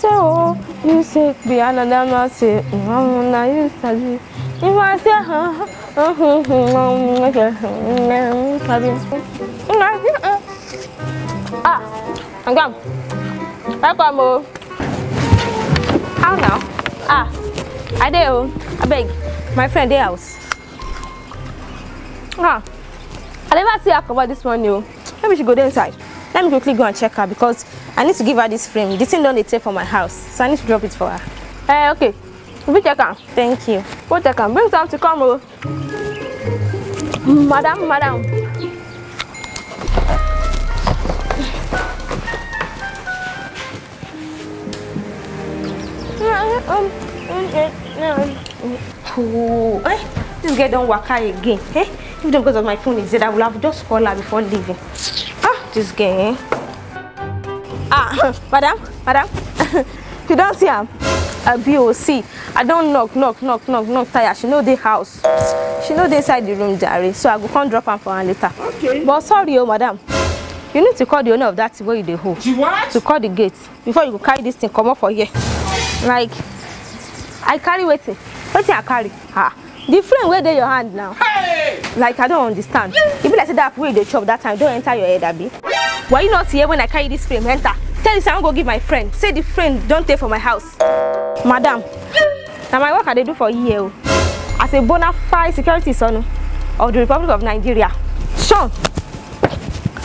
So you say be another man say mom na you study. If I say ha ha ha mom na study. Ah, I'm gone. I come o. How now? Ah, I dey o. I beg, my friend dey house. Ah, I never see her cover this one o. Maybe she go dey inside. Let me quickly go and check her because I need to give her this frame. This thing don't take for my house, so I need to drop it for her. Eh, uh, okay. We check her. Thank you. Go check her. Bring some to come, oh. Madam, madam. Ah, um, um, eh, um, oh, eh? This girl don't work out again. Eh? If it because of my phone is dead, I will have just called her before leaving. This game. Ah, madam, madam. you don't see am? Abi o see. I don't knock, knock, knock, knock, knock tire. She know dey house. She know dey inside the room, jare. So I go come drop him for her later. Okay. But sorry, oh madam. You need to call the owner of that where you dey hold. She what? To call the gate before you carry this thing Come up for here. Like I carry wetin? Wetin I carry? Ah, the frame wey dey your hand now. Hey! like i don't understand If be like say dat wey you dey chop that time don't enter your head Abby. Why you not here when i carry this frame enter tell you I'm i go give my friend say the friend don't tey for my house madam Now my work i dey do for here o oh. as a bona fide security son oh, of the republic of nigeria sean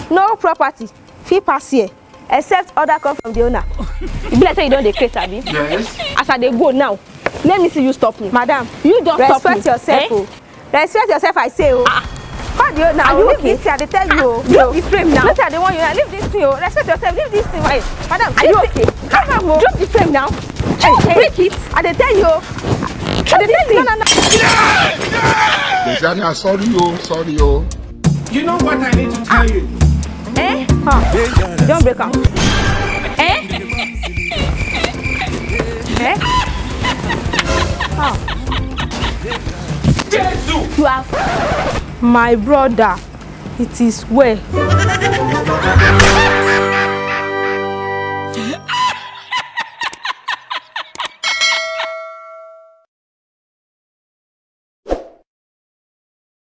no property fee pass here except order come from the owner you be like say you don't dey Abby. yes as i dey go now let me see you stop me madam you don stop me yourself o. Eh? Oh respect yourself I say oh. Ah. God, you now, leave okay? this thing, I dey tell you. Ah, oh. leave the frame now. Later, they want you, leave this thing, oh. Respect yourself, leave this thing. Why? Madam, are you okay? Come on, oh. Drop the frame now. Hey, hey. Break it. I dey tell you. Oh. Drop I dey tell you. No, no, no. Dejana, sorry, oh, sorry, oh. You know what I need to tell ah. you? Eh? Huh? Don't break up. Eh? eh? Huh? Jésù. You are my brother. It is well.